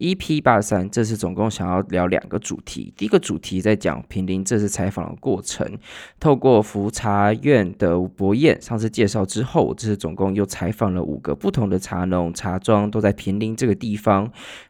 EP83 這次總共想要聊兩個主題，第一個主題在講坪林這次採訪的過程，透過福茶院的博彥上次介紹之後，這次總共又採訪了五個不同的茶農茶莊，都在坪林這個地方，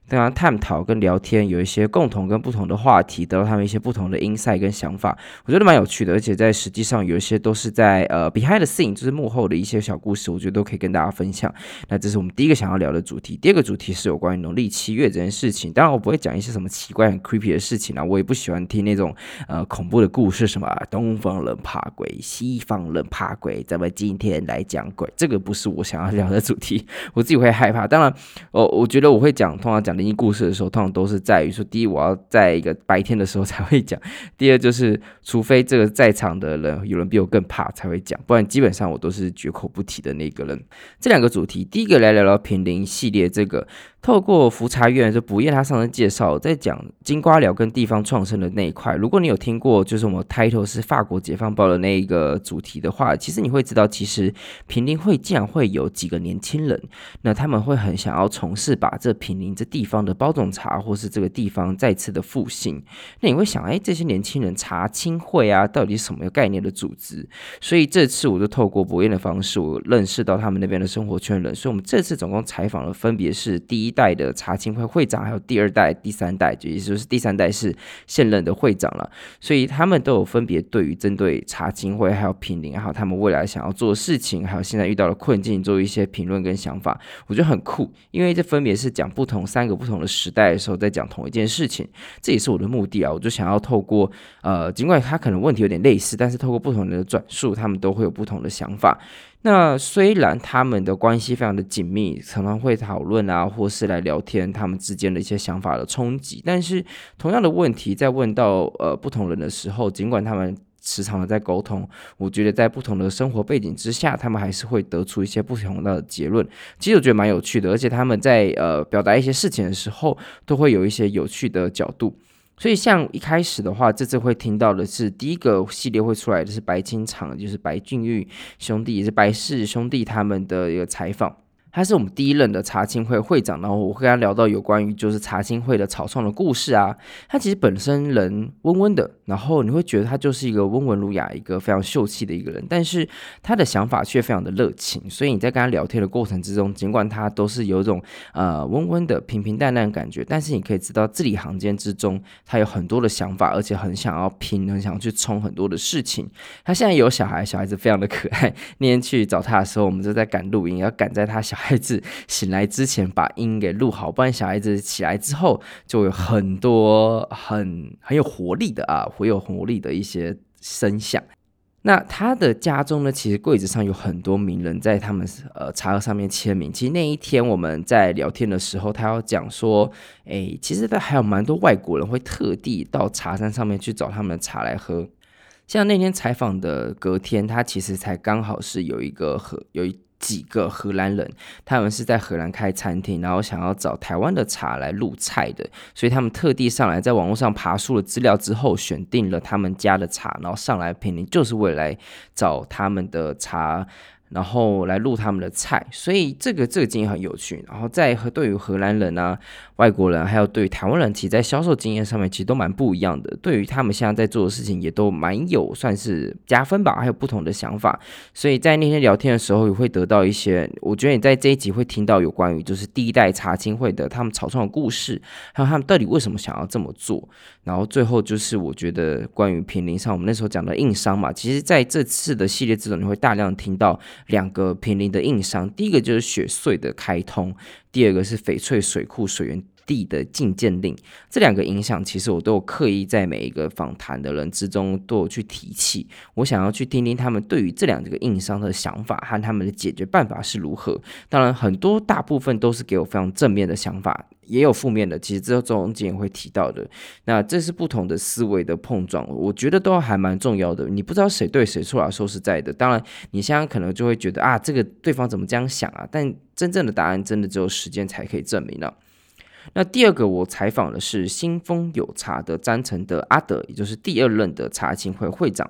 跟他探討跟聊天，有一些共同跟不同的話題，得到他們一些不同的 insight 跟想法，我覺得蠻有趣的，而且在實際上有一些都是在呃 behind the scene，就是幕後的一些小故事，我覺得都可以跟大家分享。那這是我們第一個想要聊的主題。第二個主題是有關於農曆七月這事情，當然我不會講一些什麼奇怪很 creepy 的事情啊。我也不喜歡聽那種呃恐怖的故事，什麼啊，東方人怕鬼，西方人怕鬼，咱們今天來講鬼？這個不是我想要聊的主題，我自己會害怕。當然，我我覺得我會講，通常講靈異故事的時候，通常都是在於說，第一，我要在一個白天的時候才會講；第二，就是除非這個在場的人有人比我更怕才會講，不然基本上我都是絕口不提的那個人。這兩個主題，第一個來聊聊坪林系列這個。透過福茶院就博宴，他上次介紹在講金瓜寮跟地方創生的那一塊。如果你有聽過，就是我們抬頭是法國解放報的那一個主題的話，其實你會知道，其實坪林會竟然會有幾個年輕人，那他們會很想要從事把這坪林這地方的包種茶，或是這個地方再次的復興。那你會想，哎，這些年輕人茶青會啊，到底是什麼概念的組織？所以這次我就透過博宴的方式，我認識到他們那邊的生活圈人。所以我們這次總共採訪了，分別是第一。一代的茶青會會長，還有第二代、第三代，就也就是第三代是現任的會長了，所以他們都有分別對於針對茶青會、還有坪林，還有他們未來想要做的事情，還有現在遇到的困境，做一些評論跟想法。我覺得很酷，因為這分別是講不同三個不同的時代的時候，在講同一件事情，這也是我的目的啊。我就想要透過呃，儘管他可能問題有點類似，但是透過不同人的轉述，他們都會有不同的想法。那雖然他們的關係非常的緊密，常常會討論啊，或是來聊天，他們之間的一些想法的衝擊。但是同樣的問題在問到呃不同人的時候，儘管他們時常的在溝通，我覺得在不同的生活背景之下，他們還是會得出一些不同的結論。其實我覺得蠻有趣的，而且他們在呃表達一些事情的時候，都會有一些有趣的角度。所以，像一開始的話，這次會聽到的是第一個系列會出來的是白金場，就是白俊玉兄弟，也是白氏兄弟他們的一個採訪。他是我們第一任的茶青會會長，然後我會跟他聊到有關於就是茶青會的草創的故事啊。他其實本身人溫溫的，然後你會覺得他就是一個溫文儒雅、一個非常秀氣的一個人，但是他的想法卻非常的熱情。所以你在跟他聊天的過程之中，儘管他都是有一種呃溫溫的平平淡淡的感覺，但是你可以知道字裡行間之中他有很多的想法，而且很想要拼、很想去衝很多的事情。他現在有小孩，小孩子非常的可愛。那天去找他的時候，我們就在趕錄音，要趕在他小。孩子醒來之前把音給錄好，不然小孩子起來之後就有很多很很有活力的啊，會有活力的一些聲響。那他的家中呢，其實櫃子上有很多名人，在他們呃茶上面簽名。其實那一天我們在聊天的時候，他要講說，誒、哎，其實他還有蠻多外國人會特地到茶山上面去找他們的茶來喝。像那天採訪的隔天，他其實才剛好是有一個和有一。幾個荷蘭人，他們是在荷蘭開餐廳，然後想要找台灣的茶來入菜的，所以他們特地上來，在網絡上爬梳了資料之後，選定了他們家的茶，然後上來品就是為了來找他們的茶。然後來錄他們的菜，所以這個這個經驗很有趣。然後在和對於荷蘭人啊、外國人，啊，還有對於台灣人，其實在銷售經驗上面其實都蠻不一樣的。對於他們現在在做的事情，也都蠻有算是加分吧，還有不同的想法。所以在那天聊天的時候，也會得到一些。我覺得你在這一集會聽到有關於就是第一代茶青會的他們草創的故事，還有他們到底為什麼想要這麼做。然後最後就是我覺得關於坪林上，我們那時候講的硬傷嘛，其實在這次的系列之中，你會大量聽到。兩個坪林的硬傷，第一個就是雪隧的開通，第二個是翡翠水庫水源地的禁建令，這兩個影響其實我都有刻意在每一個訪談的人之中都有去提起，我想要去聽聽他們對於這兩個硬傷的想法和他們的解決辦法是如何。當然，很多大部分都是給我非常正面的想法，也有負面的，其實這後中間也會提到的。那這是不同的思維的碰撞，我覺得都還蠻重要的。你不知道誰對誰錯啊！說實在的，當然你現在可能就會覺得啊，這個對方怎麼這樣想啊？但真正的答案真的只有時間才可以證明了啊。那第二個我採訪的是新豐有茶的詹成德阿德，也就是第二任的茶青會會長。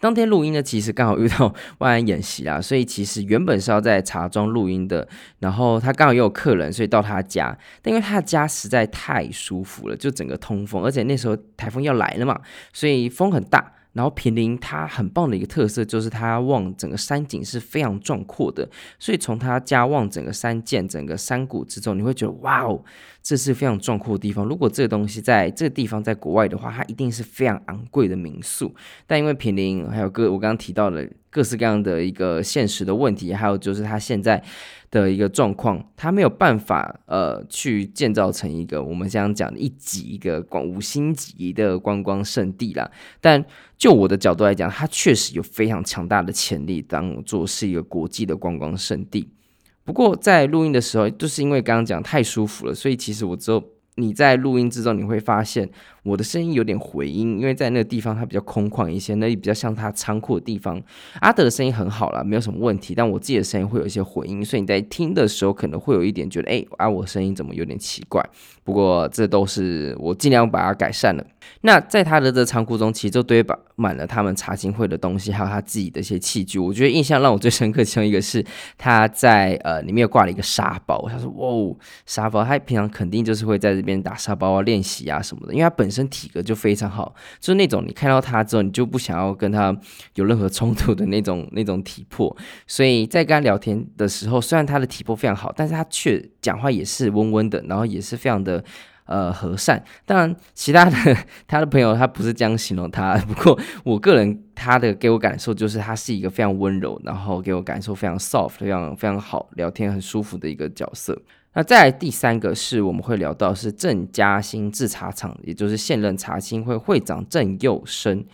當天錄音呢，其實剛好遇到萬安演習啦，所以其實原本是要在茶莊錄音的，然後他剛好也有客人，所以到他家。但因為他家實在太舒服了，就整個通風，而且那時候颱風要來了嘛，所以風很大。然後坪林它很棒的一個特色就是它望整個山景是非常壯闊的，所以從它家望整個山澗、整個山谷之中，你會覺得哇哦。這是非常壯闊的地方。如果這個東西在這個地方，在國外的話，它一定是非常昂貴的民宿。但因為坪林還有各我剛剛提到的各式各樣的一個現實的問題，還有就是它現在的一個狀況，它沒有辦法呃去建造成一個我們想講一級一個廣五星級的觀光勝地啦。但就我的角度來講，它確實有非常強大的潛力，當做是一個國際的觀光勝地。不過在錄音的時候，就是因為剛剛講太舒服了，所以其實我只有你在錄音之中，你會發現。我的聲音有點回音，因為在那個地方它比較空曠一些，那也比較像它倉庫的地方。阿德的聲音很好啦，沒有什麼問題，但我自己的聲音會有一些回音，所以你在聽的時候可能會有一點覺得，哎、欸，阿、啊、我聲音怎麼有點奇怪？不過這都是我盡量把它改善了。那在他的這個倉庫中，其實就堆滿滿了他們茶青會的東西，還有他自己的一些器具。我覺得印象讓我最深刻是，其中一個是他在呃裡面掛了一個沙包，他說，哇、哦，沙包，他平常肯定就是會在這邊打沙包啊，練習啊什麼的，因為他本。本身體格就非常好，就是那種你看到他之後，你就不想要跟他有任何衝突的那種那種體魄。所以在跟他聊天的時候，雖然他的體魄非常好，但是他卻講話也是溫溫的，然後也是非常的呃和善。當然，其他的他的朋友他不是這樣形容他，不過我個人他的給我感受就是他是一個非常溫柔，然後給我感受非常 soft，非常非常好，聊天很舒服的一個角色。那再來第三個是我們會聊到是鄭家興製茶廠，也就是現任茶青會會長鄭佑生，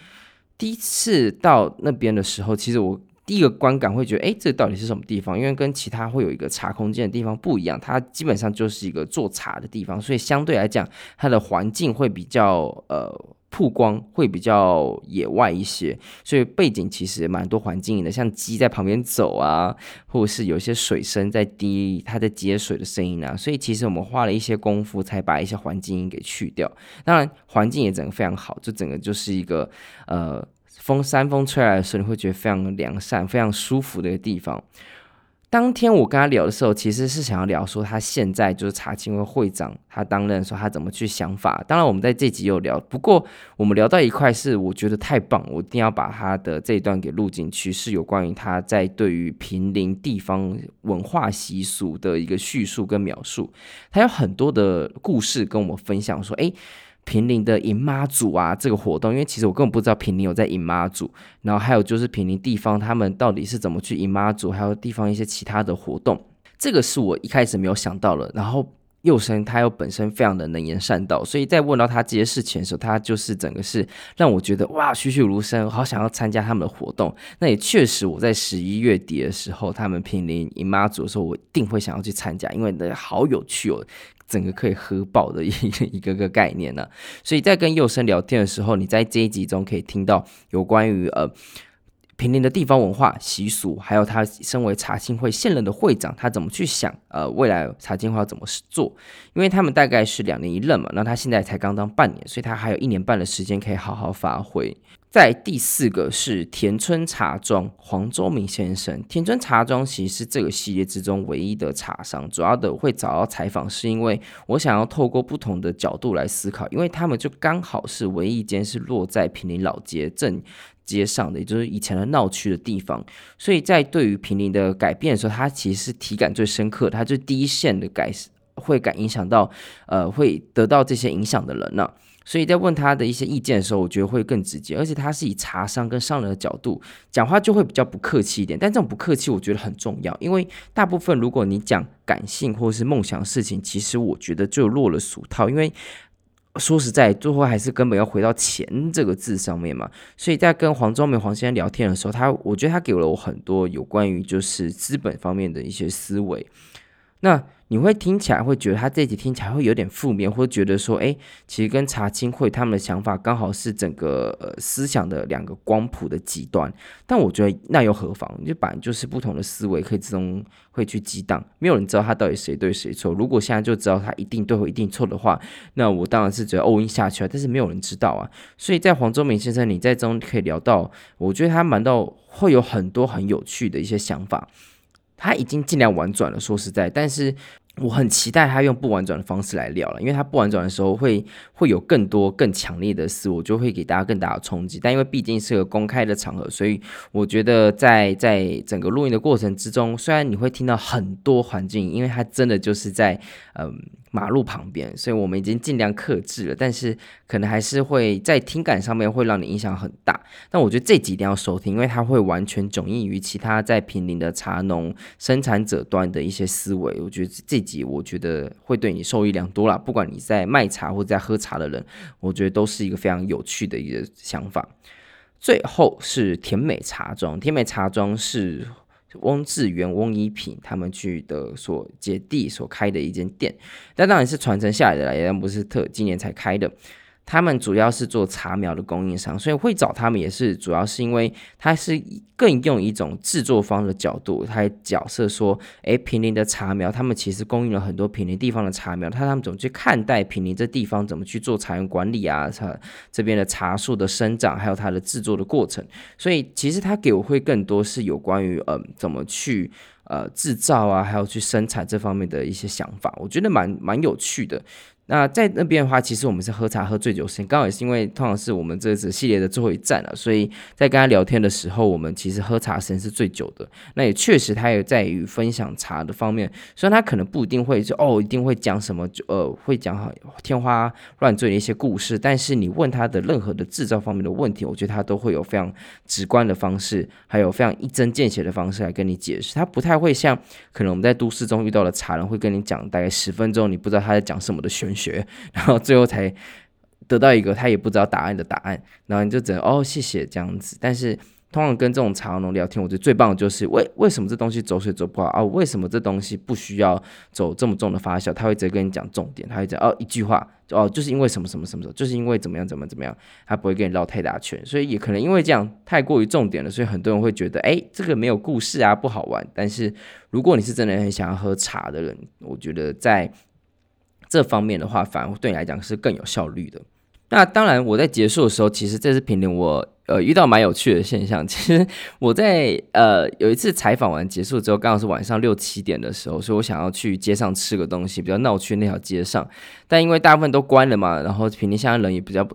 第一次到那邊的時候，其實我。第一個觀感會覺得，誒、欸，這到底是什麼地方？因為跟其他會有一個茶空間的地方不一樣，它基本上就是一個做茶的地方，所以相對來講，它的環境會比較呃，曝光會比較野外一些，所以背景其實蠻多環境的，像雞在旁邊走啊，或者是有些水聲在滴，它在接水的聲音啊，所以其實我們花了一些功夫才把一些環境音給去掉。當然，環境也整個非常好，就整個就是一個呃。風山風吹來的時候，你會覺得非常涼爽、非常舒服的一個地方。當天我跟他聊的時候，其實是想要聊說他現在就是茶青會會長，他擔任說他怎麼去想法。當然，我們在這集有聊，不過我們聊到一塊是我覺得太棒，我一定要把他的這一段給錄進去，是有關於他在對於坪林地方文化習俗的一個敘述跟描述，他有很多的故事跟我們分享說，哎。坪林的迎媽祖啊，這個活動，因為其實我根本不知道坪林有在迎媽祖，然後還有就是坪林地方他們到底是怎麼去迎媽祖，還有地方一些其他的活動，這個是我一開始沒有想到的。然後幼生他又本身非常的能言善道，所以在問到他這些事情的時候，他就是整個是讓我覺得哇栩栩如生，好想要參加他們的活動。那也確實，我在十一月底的時候，他們坪林迎媽祖的時候，我一定會想要去參加，因為那好有趣哦。整個可以合保的一個一個個概念呢、啊，所以在跟右生聊天的時候，你在這一集中可以聽到有關於呃坪林的地方文化習俗，還有他身為茶青會現任的會長，他怎麼去想呃未來茶青會要怎麼做？因為他們大概是兩年一任嘛，那他現在才剛當半年，所以他還有一年半的時間可以好好發揮。在第四個是田村茶莊，黃周明先生。田村茶莊其實是這個系列之中唯一的茶商，主要的會找到採訪，是因為我想要透過不同的角度來思考，因為他們就剛好是唯一一間是落在坪林老街正街上的，也就是以前的鬧區的地方，所以在對於坪林的改變的時候，他其實是體感最深刻的，他是第一線的改。會感影響到，呃，會得到這些影響的人呢、啊，所以在問他的一些意見的時候，我覺得會更直接，而且他是以茶商跟商人的角度講話，就會比較不客氣一點。但這種不客氣，我覺得很重要，因為大部分如果你講感性或是夢想事情，其實我覺得就落了俗套。因為說實在，最後還是根本要回到錢這個字上面嘛。所以在跟黃忠美、黃先生聊天的時候，他我覺得他給了我很多有關於就是資本方面的一些思維。那你會聽起來會覺得他這句聽起來會有點負面，或者覺得說，哎、欸，其實跟茶青會他們的想法剛好是整個、呃、思想的兩個光譜的極端。但我覺得那又何妨？你就把你就是不同的思維，可以這種會去激盪，沒有人知道他到底誰對誰錯。如果現在就知道他一定對或一定錯的話，那我當然是覺得哦，應下去了。但是沒有人知道啊，所以在黃忠明先生你在中可以聊到，我覺得他蠻到會有很多很有趣的一些想法。他已經盡量婉轉了，說實在，但是。我很期待他用不婉轉的方式來聊了，因為他不婉轉的時候會會有更多更強烈的事，我就會給大家更大的衝擊。但因為畢竟是個公開的場合，所以我覺得在在整個錄音的過程之中，雖然你會聽到很多環境，因為他真的就是在嗯馬路旁邊，所以我們已經盡量克制了，但是可能還是會在聽感上面會讓你影響很大。但我覺得這集一定要收聽，因為它會完全迥異於其他在坪林的茶農生產者端的一些思維。我覺得這我覺得會對你受益良多啦，不管你在賣茶或者在喝茶的人，我覺得都是一個非常有趣的一個想法。最後是甜美茶莊，甜美茶莊是翁志源、翁一品他們去的所姐弟所開的一間店，但當然是傳承下來的啦，也不是特今年才開的。他們主要是做茶苗的供應商，所以會找他們也是主要是因為他是更用一種制作方的角度，他還角色說，誒、欸，坪林的茶苗，他們其實供應了很多坪林地方的茶苗，他他們怎麼去看待坪林這地方怎麼去做茶園管理啊？它這邊的茶樹的生長，還有它的制作的過程，所以其實他給我會更多是有關於嗯、呃、怎麼去呃制造啊，還有去生產這方面的一些想法，我覺得蠻蠻有趣的。那在那邊的話，其實我們是喝茶喝最久時間，剛好也是因為通常是我們這次系列的最後一站了啊，所以在跟他聊天的時候，我們其實喝茶時間是最久的。那也確實，他也在於分享茶的方面，雖然他可能不一定會說哦，一定會講什麼，呃，會講好天花亂墜的一些故事，但是你問他的任何的制造方面的問題，我覺得他都會有非常直觀的方式，還有非常一針見血的方式來跟你解釋。他不太會像可能我們在都市中遇到的茶人會跟你講大概十分鐘，你不知道他在講什麼的懸學，然後最後才得到一個他也不知道答案的答案，然後你就覺得哦，謝謝這樣子。但是通常跟這種茶農聊天，我覺得最棒的就是為為什麼這東西走水走不好哦、啊，為什麼這東西不需要走這麼重的發酵？他會直接跟你講重點，他會講哦，一句話就哦，就是因為什麼什麼什麼，就是因為怎麼樣怎麼怎麼樣，他不會跟你繞太大圈。所以也可能因為這樣太過於重點了，所以很多人會覺得誒、欸，這個沒有故事啊，不好玩。但是如果你是真的很想要喝茶的人，我覺得在。這方面的話，反而對你來講是更有效率的。那當然，我在結束的時候，其實這次坪林我呃遇到蠻有趣的現象。其實我在呃有一次採訪完結束之後，剛好是晚上六七點的時候，所以我想要去街上吃個東西，比較鬧區那條街上。但因為大部分都關了嘛，然後坪林現在人也比較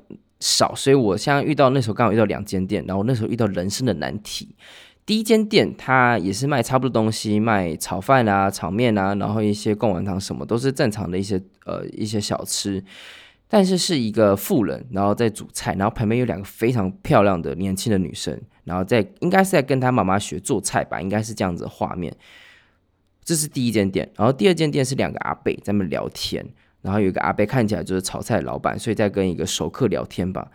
少，所以我在遇到那時候剛好遇到兩間店，然後那時候遇到人生的難題。第一間店，它也是賣差不多東西，賣炒飯啊、炒麵啊，然後一些貢丸湯什麼，都是正常的一些呃一些小吃。但是是一個婦人，然後在煮菜，然後旁邊有兩個非常漂亮的年輕的女生，然後在應該是在跟她媽媽學做菜吧，應該是這樣子的畫面。這是第一間店，然後第二間店是兩個阿伯在那邊聊天，然後有一個阿伯看起來就是炒菜的老闆，所以在跟一個熟客聊天吧。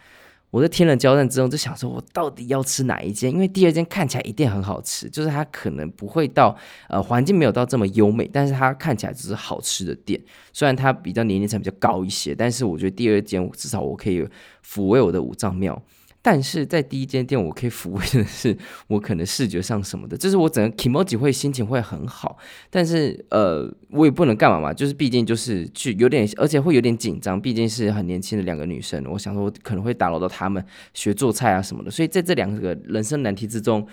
我在天人交戰之中，就想說，我到底要吃哪一間？因為第二間看起來一定很好吃，就是它可能不會到，呃，環境沒有到這麼優美，但是它看起來就是好吃的店。雖然它比較年齡層比較高一些，但是我覺得第二間至少我可以撫慰我的五臟廟。但是在第一間店，我可以撫慰的是，我可能視覺上什麼的，就是我整個 kimochi 會心情會很好。但是，呃，我也不能幹嘛嘛，就是畢竟就是去有點，而且會有點緊張，畢竟是很年輕的兩個女生。我想說，我可能會打擾到她們學做菜啊什麼的。所以在這兩個人生難題之中，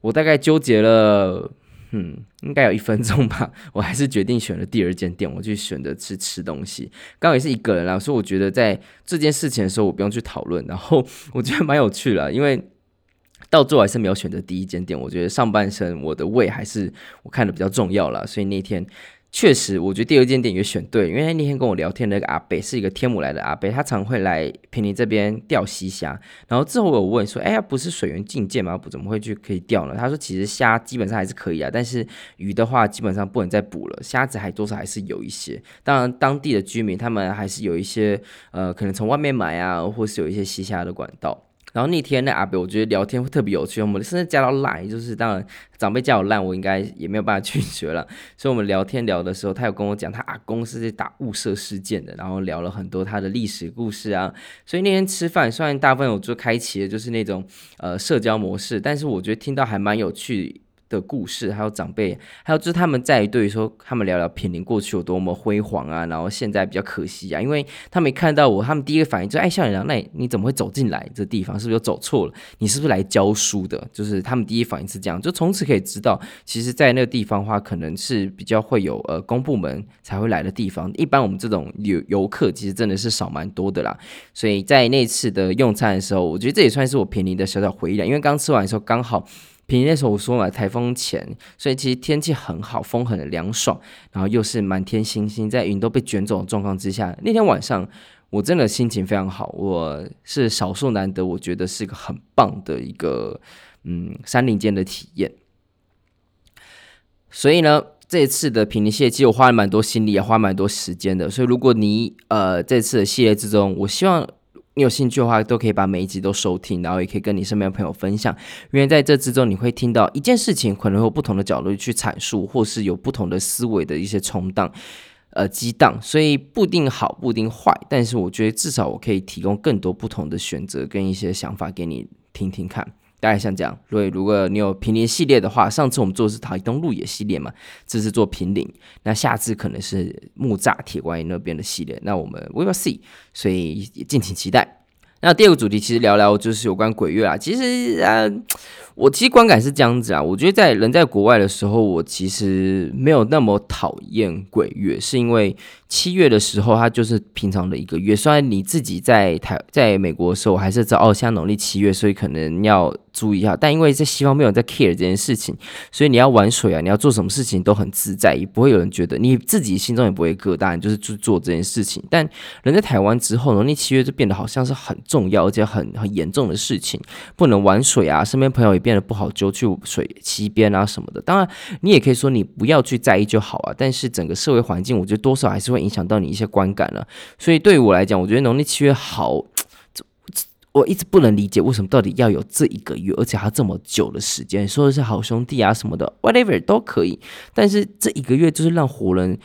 我大概糾結了。嗯，應該有一分鐘吧。我還是決定選了第二間店，我去選擇去吃、吃東西。剛也是一個人啦，所以我覺得在這件事情的時候，我不用去討論。然後我覺得蠻有趣啦，因為到最後還是沒有選擇第一間店。我覺得上半身我的胃還是我看的比較重要啦，所以那天。確實，我覺得第二間店也選對了，因為他那天跟我聊天的那個阿北是一個天母來的阿北，他常會來坪林這邊釣西蝦。然後之後我有問說，哎呀，不是水源禁建嗎？不怎麼會去可以釣呢？他說其實蝦基本上還是可以啊，但是魚的話基本上不能再捕了，蝦子還多少還是有一些。當然，當地的居民他們還是有一些，呃，可能從外面買啊，或是有一些西蝦的管道。然後那天那阿伯，我覺得聊天會特別有趣。我們甚至加到爛，就是當然長輩叫我爛，我應該也沒有辦法拒絕了。所以我們聊天聊的時候，他有跟我講他阿公是在打霧社事件的，然後聊了很多他的歷史故事啊。所以那天吃飯，雖然大部分我就開啟的就是那種呃社交模式，但是我覺得聽到還蠻有趣的故事，還有長輩，還有就是他們在對說，他們聊聊坪林過去有多麼輝煌啊，然後現在比較可惜啊，因為他們看到我，他們第一個反應就哎，校長，那你怎麼會走進來這個地方？是不是走錯了？你是不是來教書的？就是他們第一反應是這樣，就從此可以知道，其實在那個地方的話，可能是比較會有呃公部門才會來的地方，一般我們這種遊遊客其實真的是少蠻多的啦。所以在那次的用餐的時候，我覺得這也算是我坪林的小小回憶了，因為剛吃完的時候剛好。坪林那時候，我說嘛台風前，所以其實天氣很好，風很涼爽，然後又是滿天星星，在雲都被卷走的狀況之下，那天晚上我真的心情非常好。我是少數難得，我覺得是個很棒的一個嗯山林間的體驗。所以呢，這次的坪林系列，其實我花了蠻多心力，也花蠻多時間的。所以如果你呃這次的系列之中，我希望。你有興趣的話，都可以把每一集都收聽，然後也可以跟你身邊的朋友分享，因為在這之中你會聽到一件事情，可能會有不同的角度去闡述，或是有不同的思維的一些衝盪、呃激盪，所以不一定好，不一定壞，但是我覺得至少我可以提供更多不同的選擇跟一些想法給你聽聽看。大概像這樣，所以如果你有坪林系列的話，上次我們做的是台東鹿野系列嘛，這次做坪林，那下次可能是木柵鐵觀音那邊的系列，那我們 We will see，所以也敬請期待。那第二個主題其實聊聊就是有關鬼月啊，其實啊、呃，我其實觀感是這樣子啊，我覺得在人在國外的時候，我其實沒有那麼討厭鬼月，是因為。七月的時候，它就是平常的一個月。雖然你自己在台、在美國的時候，我還是知道哦，現在農曆七月，所以可能要注意一下。但因為在西方沒有在 care 這件事情，所以你要玩水啊，你要做什麼事情都很自在，也不會有人覺得你自己心中也不會疙瘩，你就是去做這件事情。但人在台灣之後，農曆七月就變得好像是很重要，而且很很嚴重的事情，不能玩水啊，身邊朋友也變得不好，就去水溪邊啊什麼的。當然你也可以說你不要去在意就好啊，但是整個社會環境，我覺得多少還是會。影響到你一些觀感了啊，所以對於我來講，我覺得農曆七月好，我一直不能理解為什麼到底要有這一個月，而且還這麼久的時間。說的是好兄弟啊什麼的，whatever 都可以，但是這一個月就是讓活人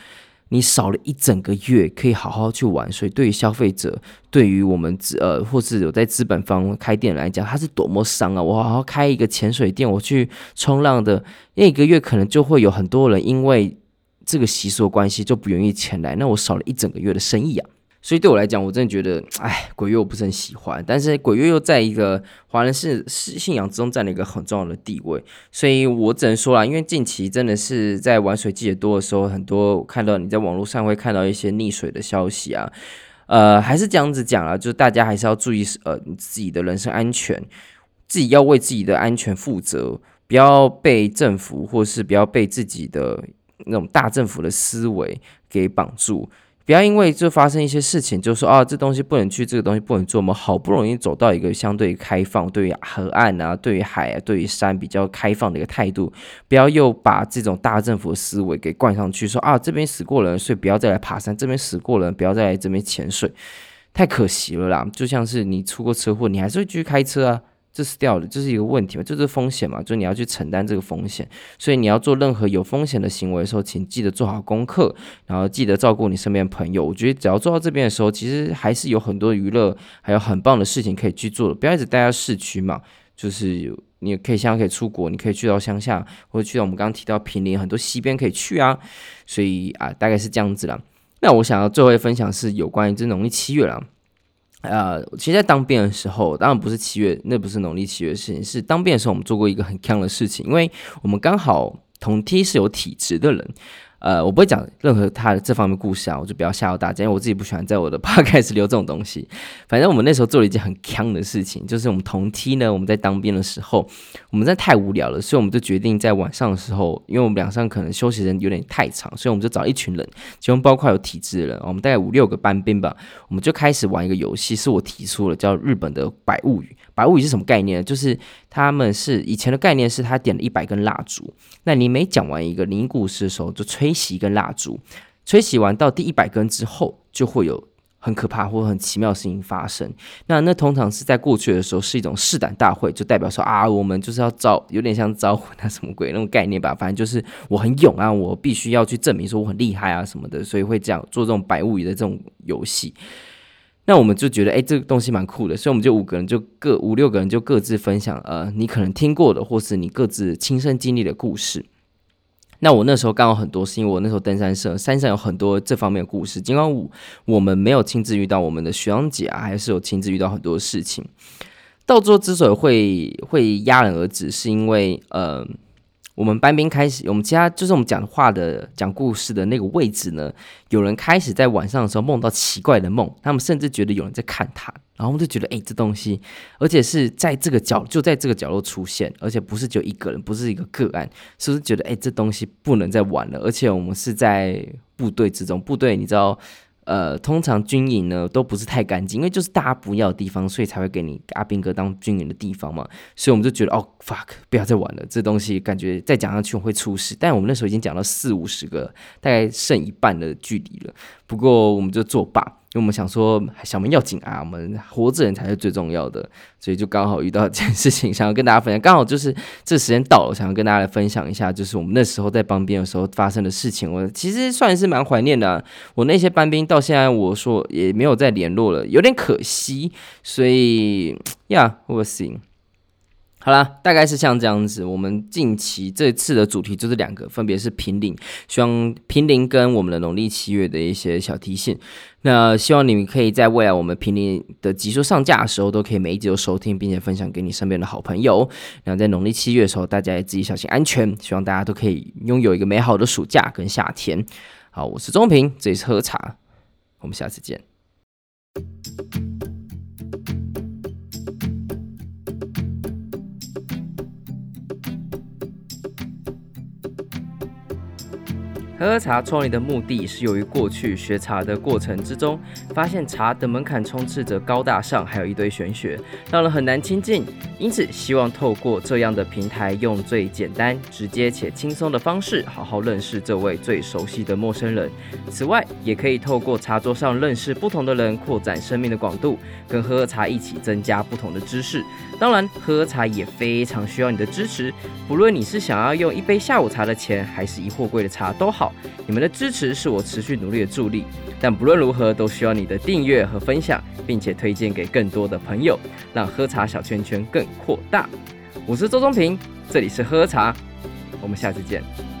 你少了一整個月，可以好好去玩。所以對於消費者，對於我們呃，或是有在資本方開店來講，它是多麼傷啊！我好好開一個潛水店，我去衝浪的那一個月，可能就會有很多人因為。這個習俗的關係就不願意前來，那我少了一整個月的生意啊！所以對我來講，我真的覺得，哎，鬼月我不是很喜歡，但是鬼月又在一個華人是信仰之中佔了一個很重要的地位，所以我只能說啦，因為近期真的是在玩水季節多的時候，很多看到你在網絡上會看到一些溺水的消息啊，呃，還是這樣子講啊，就是大家還是要注意，呃，你自己的人身安全，自己要為自己的安全負責，不要被政府或是不要被自己的。那種大政府的思維給綁住，不要因為就發生一些事情，就是，就說啊，這東西不能去，這個東西不能做。我們好不容易走到一個相對開放，對於河岸啊，對於海啊，對於山比較開放的一個態度，不要又把這種大政府的思維給灌上去，說啊，這邊死過人，所以不要再來爬山；這邊死過人，不要再來這邊潛水，太可惜了啦！就像是你出過車禍，你還是會繼續開車啊。這是掉的，這、就是一個問題嘛？這、就是風險嘛？就是、你要去承擔這個風險，所以你要做任何有風險的行為的時候，請記得做好功課，然後記得照顧你身邊的朋友。我覺得只要做到這邊的時候，其實還是有很多娛樂，還有很棒的事情可以去做的。不要一直待在市區嘛，就是你可以現在可以出國，你可以去到鄉下，或者去到我們剛剛提到坪林很多溪邊可以去啊。所以啊，大概是這樣子啦。那我想要最後一分享的是有關於這農曆七月了。呃，其實，在當兵的時候，當然不是七月，那不是農曆七月的事情。是當兵的時候，我們做過一個很強的事情，因為我們剛好同梯是有體質的人。呃，我不會講任何他的這方面故事啊，我就不要嚇到大家，因為我自己不喜歡在我的 podcast 留這種東西。反正我們那時候做了一件很坑的事情，就是我們同梯呢，我們在當兵的時候，我們真的太無聊了，所以我們就決定在晚上的時候，因為我們晚上可能休息時間有點太長，所以我們就找一群人，其中包括有體制的人，我們大概五六個班兵吧，我們就開始玩一個遊戲，是我提出的，叫日本的百物語。白物語是什麼概念呢？就是他們是以前的概念是，他點了一百根蠟燭，那你每講完一個靈故事的時候，就吹熄一根蠟燭，吹熄完到第一百根之後，就會有很可怕或很奇妙的事情發生。那那通常是在過去的時候是一種試膽大會，就代表說啊，我們就是要招，有點像招魂那什麼鬼那種概念吧。反正就是我很勇啊，我必須要去證明說我很厲害啊什麼的，所以會這樣做這種百物語的這種遊戲。那我們就覺得，哎、欸，這個東西蠻酷的，所以我們就五個人就各五六個人就各自分享，呃，你可能聽過的，或是你各自親身經歷的故事。那我那時候剛好很多，是因為我那時候登山社山上有很多這方面的故事。儘管我我們沒有親自遇到我們的學長姐，還是有親自遇到很多事情。到之後之所以會會戛然而止，是因為呃。我們班兵開始，我們其他就是我們講話的、講故事的那個位置呢，有人開始在晚上的時候夢到奇怪的夢，他們甚至覺得有人在看他，然後我們就覺得，哎、欸，這東西，而且是在這個角，就在這個角落出現，而且不是就一個人，不是一個個案，是不是覺得，哎、欸，這東西不能再玩了，而且我們是在部隊之中，部隊你知道。呃，通常軍營呢都不是太乾淨，因為就是大家不要的地方，所以才會給你阿兵哥當軍營的地方嘛。所以我們就覺得，哦，fuck，不要再玩了，這東西感覺再講下去會出事。但我們那時候已經講到四五十個，大概剩一半的距離了，不過我們就作罷。因為我們想說，小命要緊啊，我們活着人才是最重要的，所以就剛好遇到這件事情，想要跟大家分享。剛好就是這時間到了，想要跟大家來分享一下，就是我們那時候在幫兵的時候發生的事情。我其實算是蠻懷念的，啊，我那些班兵到現在，我說也沒有再聯絡了，有點可惜。所以，呀，我行。好啦，大概是像這樣子。我們近期這次的主題就是兩個，分別是坪林，希望坪林跟我們的農曆七月的一些小提醒。那希望你們可以在未來我們坪林的集數上架的時候，都可以每一集都收聽，並且分享給你身邊的好朋友。然後在農曆七月的時候，大家也自己小心安全。希望大家都可以擁有一個美好的暑假跟夏天。好，我是中平，這裡是呵呵茶，我們下次見。呵呵茶創立的目的是由於過去學茶的過程之中，發現茶的門檻充斥着高大上，還有一堆玄學，讓人很難親近。因此，希望透過這樣的平台，用最簡單、直接且輕鬆的方式，好好認識這位最熟悉的陌生人。此外，也可以透過茶桌上認識不同的人，擴展生命的廣度，跟呵呵茶一起增加不同的知識。當然，呵呵茶也非常需要你的支持，不論你是想要用一杯下午茶的錢，還是一貨櫃的茶都好，你們的支持是我持續努力的助力。但不論如何，都需要你的訂閱和分享，並且推薦給更多的朋友，讓呵呵茶小圈圈更擴大，我是周中平，這裡是呵呵茶，我們下次見。